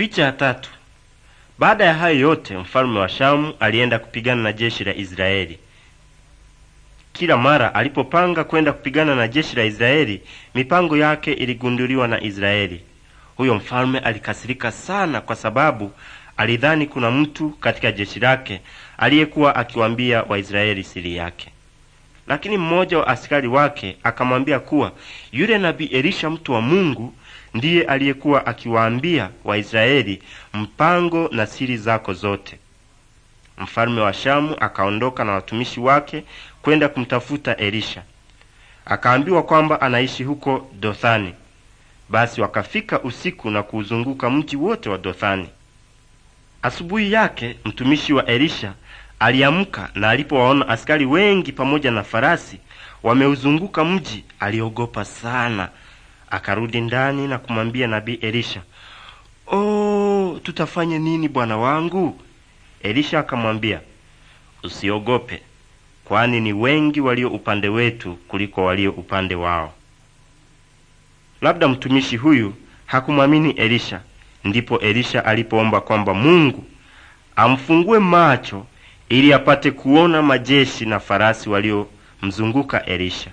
Picha ya tatu. Baada ya hayo yote, mfalme wa Shamu alienda kupigana na jeshi la Israeli. Kila mara alipopanga kwenda kupigana na jeshi la Israeli, mipango yake iligunduliwa na Israeli. Huyo mfalme alikasirika sana, kwa sababu alidhani kuna mtu katika jeshi lake aliyekuwa akiwaambia Waisraeli siri yake. Lakini mmoja wa askari wake akamwambia kuwa yule nabii Elisha mtu wa Mungu ndiye aliyekuwa akiwaambia Waisraeli mpango na siri zako zote. Mfalme wa Shamu akaondoka na watumishi wake kwenda kumtafuta Elisha, akaambiwa kwamba anaishi huko Dothani. Basi wakafika usiku na kuuzunguka mji wote wa Dothani. Asubuhi yake mtumishi wa Elisha aliamka, na alipowaona askari wengi pamoja na farasi wameuzunguka mji, aliogopa sana, Akarudi ndani na kumwambia nabii Elisha, oh, tutafanye nini bwana wangu? Elisha akamwambia, usiogope, kwani ni wengi walio upande wetu kuliko walio upande wao. Labda mtumishi huyu hakumwamini Elisha. Ndipo Elisha alipoomba kwamba Mungu amfungue macho ili apate kuona majeshi na farasi waliomzunguka Elisha.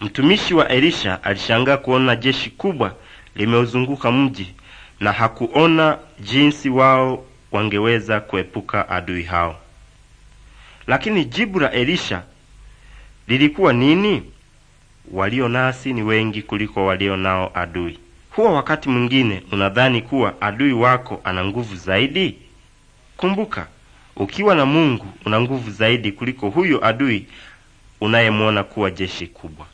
Mtumishi wa Elisha alishangaa kuona jeshi kubwa limeuzunguka mji na hakuona jinsi wao wangeweza kuepuka adui hao. Lakini jibu la Elisha lilikuwa nini? Walio nasi ni wengi kuliko walio nao adui. Huwa wakati mwingine unadhani kuwa adui wako ana nguvu zaidi. Kumbuka, ukiwa na Mungu una nguvu zaidi kuliko huyo adui unayemwona kuwa jeshi kubwa.